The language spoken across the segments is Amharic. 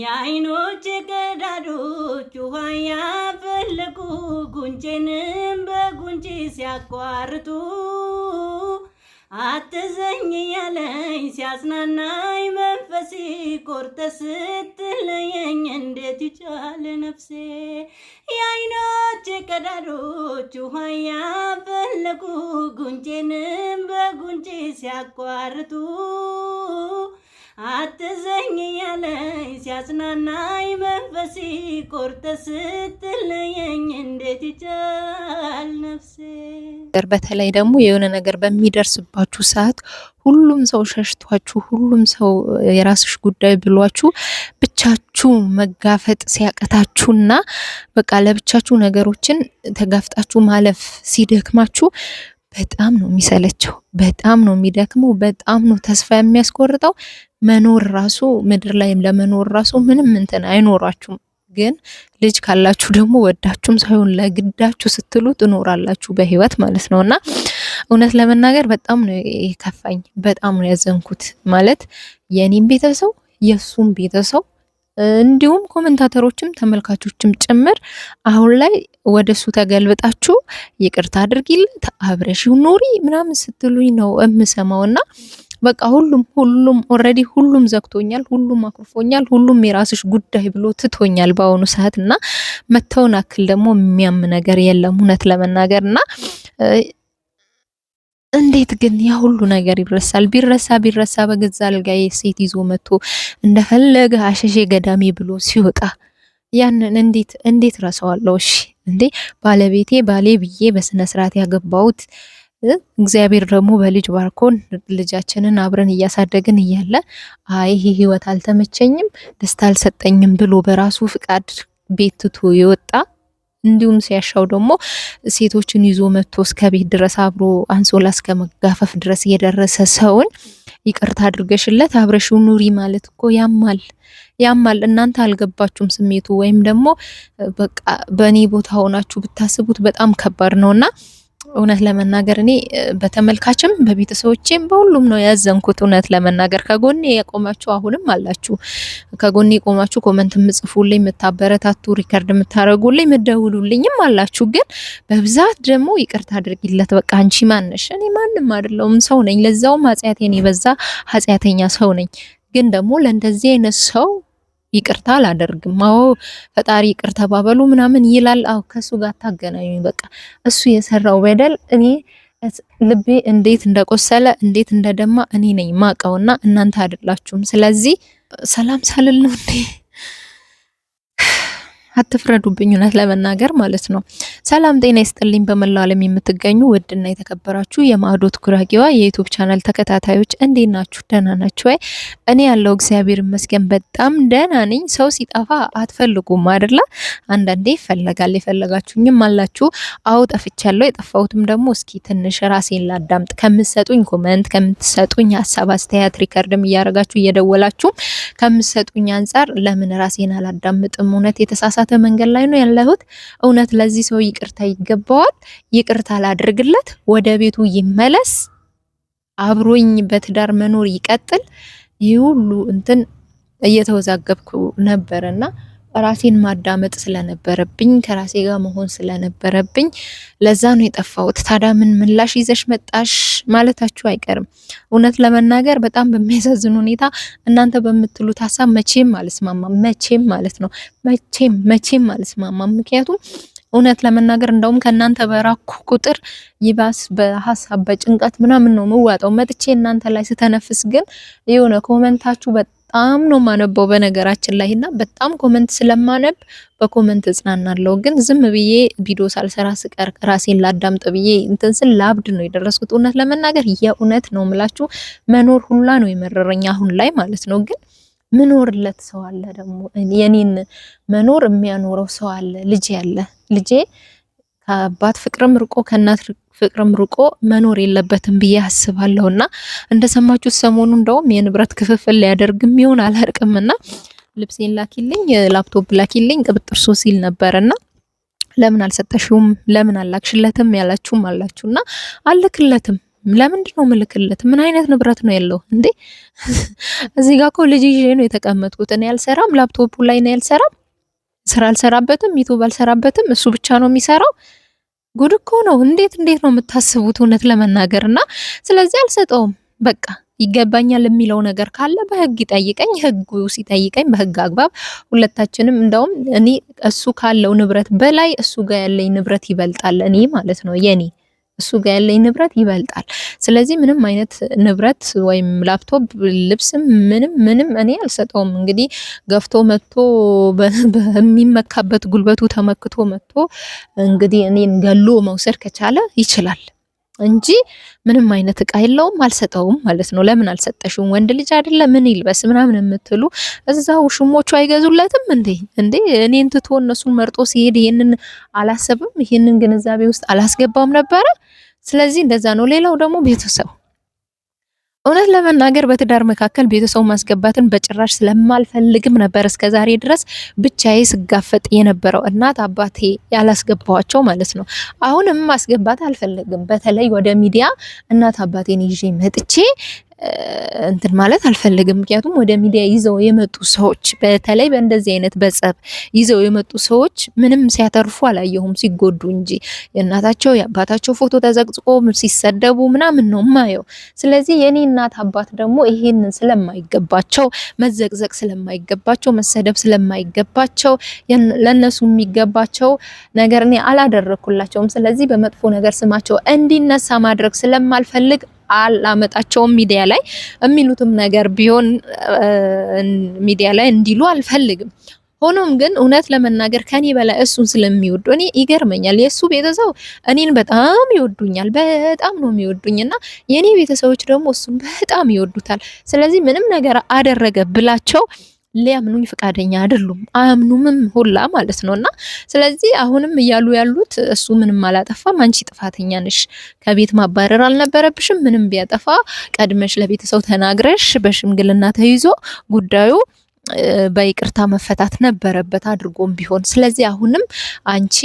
የአይኖች ቀዳዶች ውሃ ያፈለቁ ጉንጬንም በጉንጭ ሲያቋርጡ አትዘኝ ያለኝ ሲያጽናናኝ መንፈሴ ቆርጠ ስትለየኝ እንዴት ይቻል ነፍሴ የአይኖች ቀዳዶች ውሃ ያፈለቁ ጉንጬንም በጉንጬ ሲያቋርጡ አትዘኝ ያለኝ ሲያጽናናኝ ቆርጠ ስትለየኝ እንዴት ይቻል ነፍሴ። በተለይ ደግሞ የሆነ ነገር በሚደርስባችሁ ሰዓት ሁሉም ሰው ሸሽቷችሁ፣ ሁሉም ሰው የራስሽ ጉዳይ ብሏችሁ ብቻችሁ መጋፈጥ ሲያቀታችሁና በቃ ለብቻችሁ ነገሮችን ተጋፍጣችሁ ማለፍ ሲደክማችሁ በጣም ነው የሚሰለቸው። በጣም ነው የሚደክመው። በጣም ነው ተስፋ የሚያስቆርጠው። መኖር ራሱ ምድር ላይም ለመኖር ራሱ ምንም እንትን አይኖራችሁም። ግን ልጅ ካላችሁ ደግሞ ወዳችሁም ሳይሆን ለግዳችሁ ስትሉ ትኖራላችሁ በህይወት ማለት ነው። እና እውነት ለመናገር በጣም ነው የከፋኝ፣ በጣም ነው ያዘንኩት። ማለት የኔም ቤተሰብ የሱም ቤተሰብ እንዲሁም ኮመንታተሮችም ተመልካቾችም ጭምር አሁን ላይ ወደሱ ተገልብጣችሁ ይቅርታ አድርጊለት አብረሽ ኑሪ ምናምን ስትሉኝ ነው እና በቃ ሁሉም ሁሉም ኦልሬዲ ሁሉም ዘግቶኛል፣ ሁሉም አኩርፎኛል፣ ሁሉም የራስሽ ጉዳይ ብሎ ትቶኛል በአሁኑ ሰዓት እና መተውን አክል ደግሞ የሚያም ነገር የለም እውነት ለመናገር እና እንዴት ግን ያ ሁሉ ነገር ይረሳል? ቢረሳ ቢረሳ በገዛ አልጋዬ ሴት ይዞ መጥቶ እንደፈለገ አሸሼ ገዳሜ ብሎ ሲወጣ ያንን እንዴት እንዴት ረሳዋለሁ? እሺ እንዴ ባለቤቴ ባሌ ብዬ በስነ ስርዓት ያገባሁት እግዚአብሔር ደግሞ በልጅ ባርኮን ልጃችንን አብረን እያሳደግን እያለ አይ ይሄ ህይወት አልተመቸኝም፣ ደስታ አልሰጠኝም ብሎ በራሱ ፍቃድ ቤት ትቶ የወጣ እንዲሁም ሲያሻው ደግሞ ሴቶችን ይዞ መጥቶ እስከ ቤት ድረስ አብሮ አንሶላ እስከ መጋፈፍ ድረስ የደረሰ ሰውን ይቅርታ አድርገሽለት አብረሽው ኑሪ ማለት እኮ ያማል፣ ያማል። እናንተ አልገባችሁም ስሜቱ ወይም ደግሞ በቃ በእኔ ቦታ ሆናችሁ ብታስቡት በጣም ከባድ ነውና እውነት ለመናገር እኔ በተመልካችም በቤተሰቦቼም በሁሉም ነው ያዘንኩት። እውነት ለመናገር ከጎኔ የቆማችሁ አሁንም አላችሁ። ከጎኔ የቆማችሁ ኮመንት የምጽፉልኝ፣ የምታበረታቱ፣ ሪከርድ የምታደረጉልኝ፣ የምደውሉልኝም አላችሁ። ግን በብዛት ደግሞ ይቅርታ አድርጊለት በቃ አንቺ ማነሽ? እኔ ማንም አይደለሁም ሰው ነኝ። ለዛውም ኃጢአቴን የበዛ ኃጢአተኛ ሰው ነኝ። ግን ደግሞ ለእንደዚህ አይነት ሰው ይቅርታ አላደርግም። አዎ ፈጣሪ ይቅርታ ባበሉ ምናምን ይላል። አዎ ከሱ ጋር ታገናኙ። በቃ እሱ የሰራው በደል እኔ ልቤ እንዴት እንደቆሰለ እንዴት እንደደማ እኔ ነኝ ማቀውና እናንተ አይደላችሁም። ስለዚህ ሰላም ሳልል ነው እንዴ አትፍረዱብኝ፣ እውነት ለመናገር ማለት ነው። ሰላም ጤና ይስጥልኝ። በመላው ዓለም የምትገኙ ውድና የተከበራችሁ የማዕዶት ጉራጌዋ የዩቱብ ቻናል ተከታታዮች እንዴት ናችሁ? ደህና ናችሁ ወይ? እኔ ያለው እግዚአብሔር ይመስገን በጣም ደህና ነኝ። ሰው ሲጠፋ አትፈልጉም አይደለ? አንዳንዴ ይፈለጋል። የፈለጋችሁኝም አላችሁ። አዎ ጠፍቻለሁ። የጠፋሁትም ደግሞ እስኪ ትንሽ ራሴን ላዳምጥ ከምትሰጡኝ ኮመንት፣ ከምትሰጡኝ ሀሳብ አስተያየት፣ ሪከርድም እያደረጋችሁ እየደወላችሁ ከምትሰጡኝ አንጻር ለምን ራሴን አላዳምጥም እውነት የተሳሳ የተሳሳተ መንገድ ላይ ነው ያለሁት፣ እውነት ለዚህ ሰው ይቅርታ ይገባዋል፣ ይቅርታ ላድርግለት፣ ወደ ቤቱ ይመለስ፣ አብሮኝ በትዳር መኖር ይቀጥል። ይህ ሁሉ እንትን እየተወዛገብኩ ነበርና ራሴን ማዳመጥ ስለነበረብኝ ከራሴ ጋር መሆን ስለነበረብኝ ለዛ ነው የጠፋሁት። ታዲያ ምን ምላሽ ይዘሽ መጣሽ ማለታችሁ አይቀርም። እውነት ለመናገር በጣም በሚያሳዝን ሁኔታ እናንተ በምትሉት ሀሳብ መቼም አልስማማም። መቼም ማለት ነው መቼም መቼም አልስማማም። ምክንያቱም እውነት ለመናገር እንደውም ከእናንተ በራኩ ቁጥር ይባስ በሀሳብ በጭንቀት ምናምን ነው ምዋጠው። መጥቼ እናንተ ላይ ስተነፍስ ግን የሆነ ኮመንታችሁ በጣም ነው ማነበው በነገራችን ላይ እና በጣም ኮመንት ስለማነብ በኮመንት እጽናናለሁ። ግን ዝም ብዬ ቪዲዮ ሳልሰራ ስቀር ራሴን ላዳምጥ ብዬ እንትን ስል ላብድ ነው የደረስኩት። እውነት ለመናገር የእውነት ነው ምላችሁ መኖር ሁላ ነው የመረረኝ አሁን ላይ ማለት ነው ግን ምኖርለት ሰው አለ ደግሞ የኔን መኖር የሚያኖረው ሰው አለ። ልጄ አለ ልጄ ከአባት ፍቅርም ርቆ ከእናት ፍቅርም ርቆ መኖር የለበትም ብዬ አስባለሁ። እና እንደሰማችሁት ሰሞኑ እንደውም የንብረት ክፍፍል ሊያደርግም ይሆን አላርቅምና ልብሴን ላኪልኝ፣ ላፕቶፕ ላኪልኝ ቅብጥር ሶ ሲል ነበርና ለምን አልሰጠሽውም ለምን አላክሽለትም ያላችሁም አላችሁና አልክለትም ለምንድን ነው ምልክለት? ምን አይነት ንብረት ነው ያለው እንዴ? እዚህ ጋር እኮ ልጅ ይዤ ነው የተቀመጥኩት። እኔ አልሰራም፣ ላፕቶፑ ላይ ነው ያልሰራም፣ ስራ አልሰራበትም፣ ዩቱብ አልሰራበትም። እሱ ብቻ ነው የሚሰራው። ጉድ እኮ ነው። እንዴት እንዴት ነው የምታስቡት? እውነት ለመናገር እና ስለዚህ አልሰጠውም በቃ ይገባኛል የሚለው ነገር ካለ በህግ ይጠይቀኝ። ህጉ ሲጠይቀኝ በህግ አግባብ ሁለታችንም እንደውም እኔ እሱ ካለው ንብረት በላይ እሱ ጋር ያለኝ ንብረት ይበልጣል። እኔ ማለት ነው የኔ እሱ ጋር ያለኝ ንብረት ይበልጣል። ስለዚህ ምንም አይነት ንብረት ወይም ላፕቶፕ፣ ልብስም ምንም ምንም እኔ አልሰጠውም። እንግዲህ ገፍቶ መጥቶ በሚመካበት ጉልበቱ ተመክቶ መጥቶ እንግዲህ እኔን ገሎ መውሰድ ከቻለ ይችላል እንጂ ምንም አይነት እቃ የለውም፣ አልሰጠውም ማለት ነው። ለምን አልሰጠሽም? ወንድ ልጅ አይደለ? ምን ይልበስ ምናምን የምትሉ እዛው ሽሞቹ አይገዙለትም እንዴ? እንዴ እኔን ትቶ እነሱን መርጦ ሲሄድ ይሄንን አላሰብም? ይሄንን ግንዛቤ ውስጥ አላስገባም ነበረ? ስለዚህ እንደዛ ነው። ሌላው ደግሞ ቤተሰብ እውነት ለመናገር በትዳር መካከል ቤተሰብ ማስገባትን በጭራሽ ስለማልፈልግም ነበር እስከ ዛሬ ድረስ ብቻዬ ስጋፈጥ የነበረው እናት አባቴ ያላስገባዋቸው ማለት ነው። አሁንም ማስገባት አልፈልግም። በተለይ ወደ ሚዲያ እናት አባቴን ይዤ መጥቼ እንትን ማለት አልፈልግም። ምክንያቱም ወደ ሚዲያ ይዘው የመጡ ሰዎች በተለይ በእንደዚህ አይነት በጸብ ይዘው የመጡ ሰዎች ምንም ሲያተርፉ አላየሁም፣ ሲጎዱ እንጂ የእናታቸው የአባታቸው ፎቶ ተዘቅዝቆ ሲሰደቡ ምናምን ነው ማየው። ስለዚህ የኔ እናት አባት ደግሞ ይሄንን ስለማይገባቸው መዘቅዘቅ ስለማይገባቸው መሰደብ ስለማይገባቸው ለነሱ የሚገባቸው ነገር እኔ አላደረኩላቸውም። ስለዚህ በመጥፎ ነገር ስማቸው እንዲነሳ ማድረግ ስለማልፈልግ አላመጣቸውም ሚዲያ ላይ የሚሉትም ነገር ቢሆን ሚዲያ ላይ እንዲሉ አልፈልግም። ሆኖም ግን እውነት ለመናገር ከኔ በላይ እሱን ስለሚወዱ እኔ ይገርመኛል። የእሱ ቤተሰብ እኔን በጣም ይወዱኛል፣ በጣም ነው የሚወዱኝ እና የእኔ ቤተሰቦች ደግሞ እሱን በጣም ይወዱታል። ስለዚህ ምንም ነገር አደረገ ብላቸው ሊያምኑኝ ፈቃደኛ አይደሉም። አያምኑምም ሁላ ማለት ነው። እና ስለዚህ አሁንም እያሉ ያሉት እሱ ምንም አላጠፋም፣ አንቺ ጥፋተኛ ነሽ፣ ከቤት ማባረር አልነበረብሽም። ምንም ቢያጠፋ ቀድመሽ ለቤተሰው ተናግረሽ በሽምግልና ተይዞ ጉዳዩ በይቅርታ መፈታት ነበረበት አድርጎም ቢሆን። ስለዚህ አሁንም አንቺ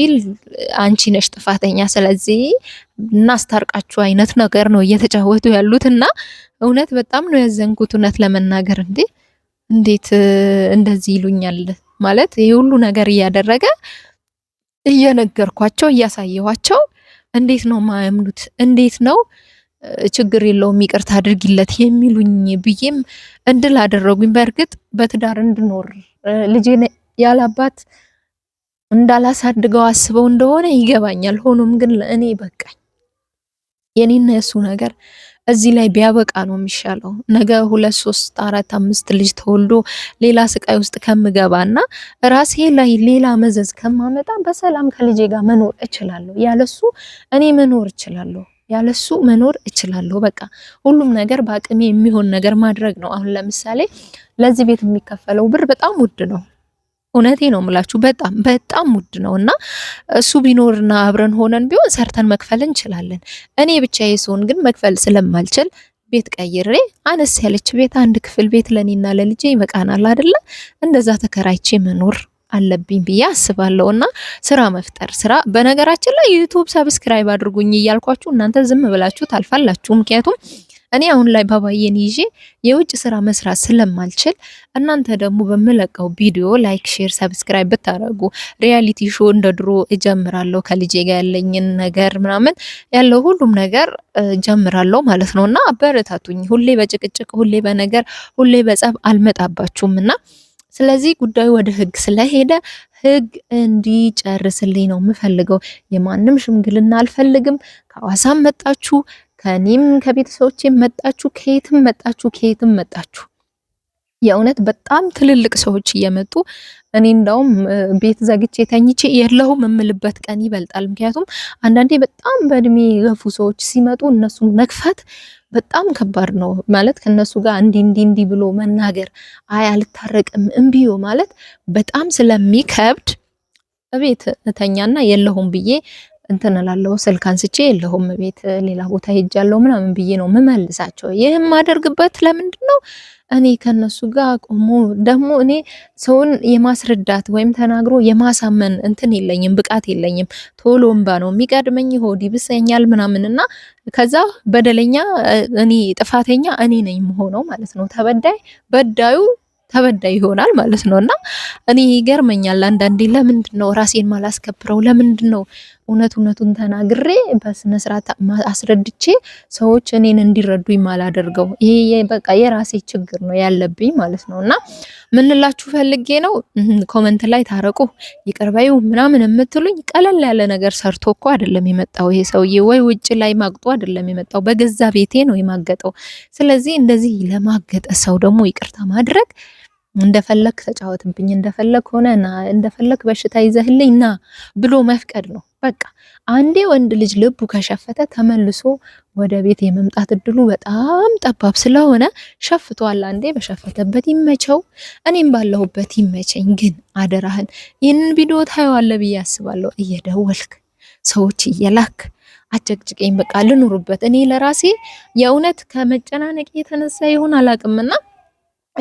አንቺ ነሽ ጥፋተኛ፣ ስለዚህ እናስታርቃችሁ አይነት ነገር ነው እየተጫወቱ ያሉት እና እውነት በጣም ነው ያዘንኩት እውነት ለመናገር እንዴ እንዴት እንደዚህ ይሉኛል ማለት ይሄ ሁሉ ነገር እያደረገ እየነገርኳቸው እያሳየኋቸው እንዴት ነው ማያምኑት? እንዴት ነው ችግር የለውም ይቅርታ አድርጊለት የሚሉኝ ብዬም እንድል አደረጉኝ። በእርግጥ በትዳር እንድኖር ልጄን ያላባት እንዳላሳድገው አስበው እንደሆነ ይገባኛል። ሆኖም ግን ለእኔ በቃኝ የኔና የሱ ነገር እዚህ ላይ ቢያበቃ ነው የሚሻለው። ነገ ሁለት ሶስት አራት አምስት ልጅ ተወልዶ ሌላ ስቃይ ውስጥ ከምገባና ራሴ ላይ ሌላ መዘዝ ከማመጣ በሰላም ከልጄ ጋር መኖር እችላለሁ። ያለሱ እኔ መኖር እችላለሁ። ያለሱ መኖር እችላለሁ። በቃ ሁሉም ነገር በአቅሜ የሚሆን ነገር ማድረግ ነው። አሁን ለምሳሌ ለዚህ ቤት የሚከፈለው ብር በጣም ውድ ነው። እውነቴ ነው የምላችሁ፣ በጣም በጣም ውድ ነው እና እሱ ቢኖርና አብረን ሆነን ቢሆን ሰርተን መክፈል እንችላለን። እኔ ብቻዬ ስሆን ግን መክፈል ስለማልችል ቤት ቀይሬ አነስ ያለች ቤት አንድ ክፍል ቤት ለኔና ለልጄ ይበቃናል አይደለ? እንደዛ ተከራይቼ መኖር አለብኝ ብዬ አስባለሁ። እና ስራ መፍጠር ስራ በነገራችን ላይ ዩቱብ ሰብስክራይብ አድርጉኝ እያልኳችሁ እናንተ ዝም ብላችሁ ታልፋላችሁ። ምክንያቱም እኔ አሁን ላይ ባባዬን ይዤ የውጭ ስራ መስራት ስለማልችል እናንተ ደግሞ በምለቀው ቪዲዮ ላይክ፣ ሼር፣ ሰብስክራይብ ብታደርጉ ሪያሊቲ ሾ እንደ ድሮ እጀምራለሁ ከልጄ ጋር ያለኝን ነገር ምናምን ያለው ሁሉም ነገር እጀምራለሁ ማለት ነው እና አበረታቱኝ። ሁሌ በጭቅጭቅ ሁሌ በነገር ሁሌ በጸብ አልመጣባችሁም እና ስለዚህ ጉዳዩ ወደ ህግ ስለሄደ ህግ እንዲጨርስልኝ ነው የምፈልገው። የማንም ሽምግልና አልፈልግም። ከአዋሳም መጣችሁ ከኔም ከቤተሰቦቼም መጣችሁ፣ ከየትም መጣችሁ፣ ከየትም መጣችሁ የእውነት በጣም ትልልቅ ሰዎች እየመጡ እኔ እንደውም ቤት ዘግቼ ተኝቼ የለሁም የምልበት ቀን ይበልጣል። ምክንያቱም አንዳንዴ በጣም በእድሜ የገፉ ሰዎች ሲመጡ እነሱ መክፈት በጣም ከባድ ነው። ማለት ከነሱ ጋር እንዲ እንዲ እንዲ ብሎ መናገር አይ አልታረቅም እምቢዮ ማለት በጣም ስለሚከብድ ቤት እተኛና የለሁም ብዬ እንትን እላለሁ ስልክ አንስቼ የለሁም ቤት ሌላ ቦታ ሄጃለሁ ምናምን ብዬ ነው ምመልሳቸው። ይህ የማደርግበት ለምንድን ነው? እኔ ከነሱ ጋር ቆሞ ደግሞ እኔ ሰውን የማስረዳት ወይም ተናግሮ የማሳመን እንትን የለኝም፣ ብቃት የለኝም። ቶሎ እምባ ነው የሚቀድመኝ፣ ሆድ ይብሰኛል ምናምን እና ከዛ በደለኛ እኔ ጥፋተኛ እኔ ነኝ የምሆነው ማለት ነው። ተበዳይ በዳዩ ተበዳይ ይሆናል ማለት ነው። እና እኔ ይገርመኛል አንዳንዴ ለምንድን ነው ራሴን ማላስከብረው? ለምንድን ነው እውነት እውነቱን ተናግሬ በስነ ስርዓት አስረድቼ ሰዎች እኔን እንዲረዱኝ ማላደርገው ይሄ በቃ የራሴ ችግር ነው ያለብኝ ማለት ነው። እና ምንላችሁ ፈልጌ ነው ኮመንት ላይ ታረቁ ይቅርበዩ ምናምን የምትሉኝ ቀለል ያለ ነገር ሰርቶ እኮ አይደለም የመጣው ይሄ ሰውዬ፣ ወይ ውጭ ላይ ማግጦ አይደለም የመጣው በገዛ ቤቴ ነው የማገጠው። ስለዚህ እንደዚህ ለማገጠ ሰው ደግሞ ይቅርታ ማድረግ እንደፈለክ ተጫወትብኝ፣ እንደፈለክ ሆነ እንደፈለክ በሽታ ይዘህልኝ ና ብሎ መፍቀድ ነው። በቃ አንዴ ወንድ ልጅ ልቡ ከሸፈተ ተመልሶ ወደ ቤት የመምጣት እድሉ በጣም ጠባብ ስለሆነ ሸፍቷል። አንዴ በሸፈተበት ይመቸው፣ እኔም ባለሁበት ይመቸኝ። ግን አደራህን ይህንን ቪዲዮ ታየዋለ ብዬ አስባለሁ። እየደወልክ ሰዎች እየላክ አጨቅጭቀኝ፣ በቃ ልኑርበት። እኔ ለራሴ የእውነት ከመጨናነቅ የተነሳ ይሆን አላቅምና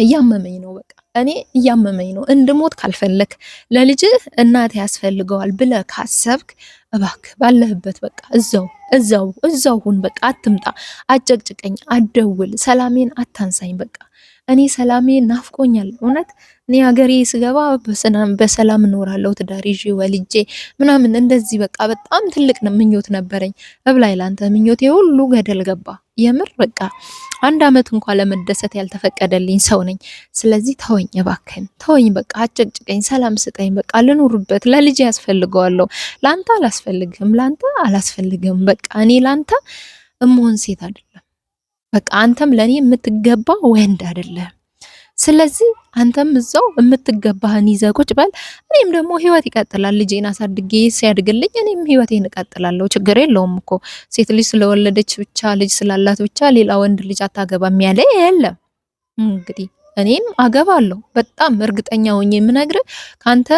እያመመኝ ነው በቃ እኔ እያመመኝ ነው። እንድሞት ካልፈለክ ለልጅህ እናት ያስፈልገዋል ብለህ ካሰብክ እባክህ ባለህበት በቃ እዛው እዛው እዛው ሁን። በቃ አትምጣ፣ አጨቅጭቀኝ፣ አደውል ሰላሜን አታንሳኝ በቃ እኔ ሰላሜ ናፍቆኛል። እውነት እኔ ሀገሬ ስገባ በሰላም እኖራለሁ ትዳር ይዤ ወልጄ ምናምን እንደዚህ በቃ በጣም ትልቅ ምኞት ነበረኝ። እብላይ ላንተ ምኞቴ ሁሉ ገደል ገባ። የምር በቃ አንድ አመት እንኳን ለመደሰት ያልተፈቀደልኝ ሰው ነኝ። ስለዚህ ተወኝ እባክህን ተወኝ፣ በቃ አጨቅጭቀኝ፣ ሰላም ስጠኝ፣ በቃ ልኑርበት። ለልጅ ያስፈልገዋለሁ። ለአንተ አላስፈልግህም፣ ለአንተ አላስፈልግህም። በቃ እኔ ለአንተ እምሆን ሴት አይደል በቃ አንተም ለእኔ የምትገባ ወንድ አይደለም። ስለዚህ አንተም እዛው የምትገባህን ይዘህ ቁጭ በል። እኔም ደግሞ ህይወት ይቀጥላል። ልጄን አሳድጌ ሲያድግልኝ እኔም ህይወቴን እቀጥላለሁ። ችግር የለውም እኮ ሴት ልጅ ስለወለደች ብቻ ልጅ ስላላት ብቻ ሌላ ወንድ ልጅ አታገባም ያለ የለም። እንግዲህ እኔም አገባለሁ። በጣም እርግጠኛ ሆኜ የምነግርህ ከአንተ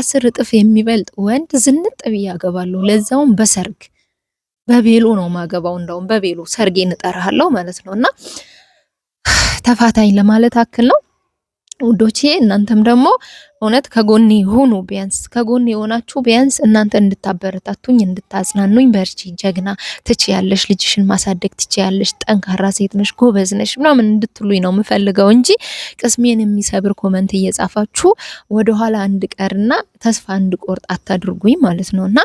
አስር እጥፍ የሚበልጥ ወንድ ዝንጥ ብዬ አገባለሁ፣ ለዛውም በሰርግ በቤሎ ነው ማገባው። እንደውም በቤሎ ሰርጌ እንጠራሃለው ማለት ነው። እና ተፋታኝ ለማለት አክል ነው ውዶቼ። እናንተም ደግሞ እውነት ከጎኔ ሆኑ። ቢያንስ ከጎኔ የሆናችሁ ቢያንስ እናንተ እንድታበረታቱኝ፣ እንድታጽናኑኝ፣ በርቺ፣ ጀግና ትችያለሽ፣ ልጅሽን ማሳደግ ትችያለሽ፣ ጠንካራ ሴት ነሽ፣ ጎበዝ ነሽ ምናምን እንድትሉኝ ነው የምፈልገው እንጂ ቅስሜን የሚሰብር ኮመንት እየጻፋችሁ ወደኋላ እንድቀርና ተስፋ እንድቆርጥ አታድርጉኝ ማለት ነውና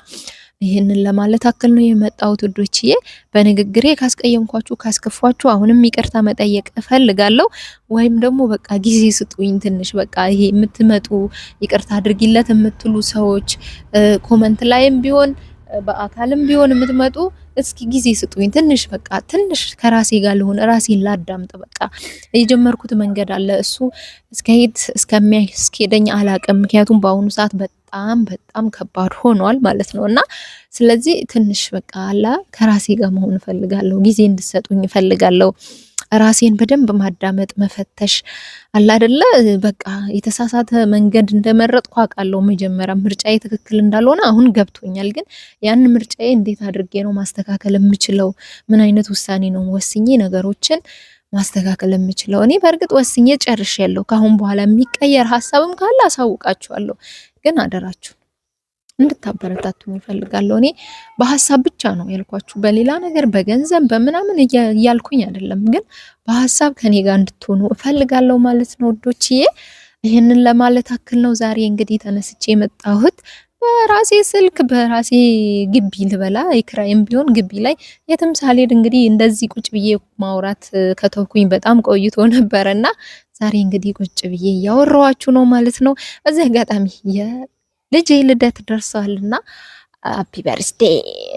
ይህንን ለማለት አክል ነው የመጣሁት ውዶችዬ። በንግግሬ ካስቀየምኳችሁ ካስከፏችሁ አሁንም ይቅርታ መጠየቅ እፈልጋለሁ። ወይም ደግሞ በቃ ጊዜ ስጡኝ ትንሽ በቃ ይሄ የምትመጡ ይቅርታ አድርጊለት የምትሉ ሰዎች ኮመንት ላይም ቢሆን በአካልም ቢሆን የምትመጡ እስኪ ጊዜ ስጡኝ ትንሽ በቃ ትንሽ ከራሴ ጋር ልሆን ራሴን ላዳምጥ። በቃ የጀመርኩት መንገድ አለ እሱ እስከሄድ እስከሚያስኬደኝ አላቅም። ምክንያቱም በአሁኑ ሰዓት በጣም በጣም ከባድ ሆኗል ማለት ነው እና ስለዚህ ትንሽ በቃ አላ ከራሴ ጋር መሆን እፈልጋለሁ፣ ጊዜ እንድሰጡኝ እፈልጋለሁ። ራሴን በደንብ ማዳመጥ መፈተሽ አለ አይደለ? በቃ የተሳሳተ መንገድ እንደመረጥኩ አውቃለሁ። መጀመሪያ ምርጫዬ ትክክል እንዳልሆነ አሁን ገብቶኛል። ግን ያን ምርጫዬ እንዴት አድርጌ ነው ማስተካከል የምችለው? ምን አይነት ውሳኔ ነው ወስኜ ነገሮችን ማስተካከል የምችለው? እኔ በእርግጥ ወስኜ ጨርሻለሁ። ከአሁን በኋላ የሚቀየር ሀሳብም ካለ አሳውቃችኋለሁ። ግን አደራችሁ እንድታበረታቱኝ እፈልጋለሁ። እኔ በሀሳብ ብቻ ነው ያልኳችሁ፣ በሌላ ነገር በገንዘብ በምናምን እያልኩኝ አይደለም፣ ግን በሀሳብ ከኔ ጋር እንድትሆኑ እፈልጋለሁ ማለት ነው ወዶችዬ። ይህንን ለማለት አክል ነው ዛሬ እንግዲህ ተነስቼ የመጣሁት በራሴ ስልክ በራሴ ግቢ ልበላ የክራይም ቢሆን ግቢ ላይ የትም ሳልሄድ እንግዲህ እንደዚህ ቁጭ ብዬ ማውራት ከተውኩኝ በጣም ቆይቶ ነበረና ዛሬ እንግዲህ ቁጭ ብዬ እያወራኋችሁ ነው ማለት ነው። እዚህ አጋጣሚ ልጅ ልደት ደርሷልና ሃፒ በርስዴ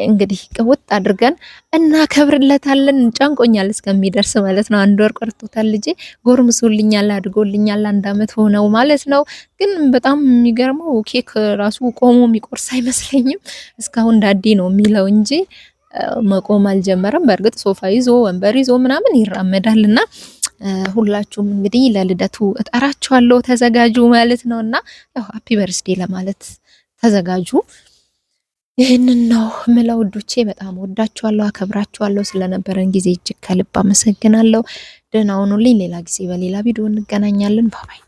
እንግዲህ ቅውጥ አድርገን እናከብርለታለን። ጨንቆኛል እስከሚደርስ ማለት ነው። አንድ ወር ቀርቶታል። ልጄ ጎርምሶልኛል፣ አድጎልኛል። አንድ አመት ሆነው ማለት ነው። ግን በጣም የሚገርመው ኬክ ራሱ ቆሞ የሚቆርስ አይመስለኝም። እስካሁን ዳዴ ነው የሚለው እንጂ መቆም አልጀመረም። በእርግጥ ሶፋ ይዞ ወንበር ይዞ ምናምን ይራመዳልና ሁላችሁም እንግዲህ ለልደቱ እጠራችኋለሁ ተዘጋጁ ማለት ነው እና ያው በርስዴ ለማለት ተዘጋጁ። ይህንን ነው ምለው ውዶቼ፣ በጣም ወዳችኋለሁ፣ አከብራችኋለሁ። ስለነበረን ጊዜ እጅግ ከልብ አመሰግናለሁ። ደህና ሁኑልኝ። ሌላ ጊዜ በሌላ ቪዲዮ እንገናኛለን። ባባይ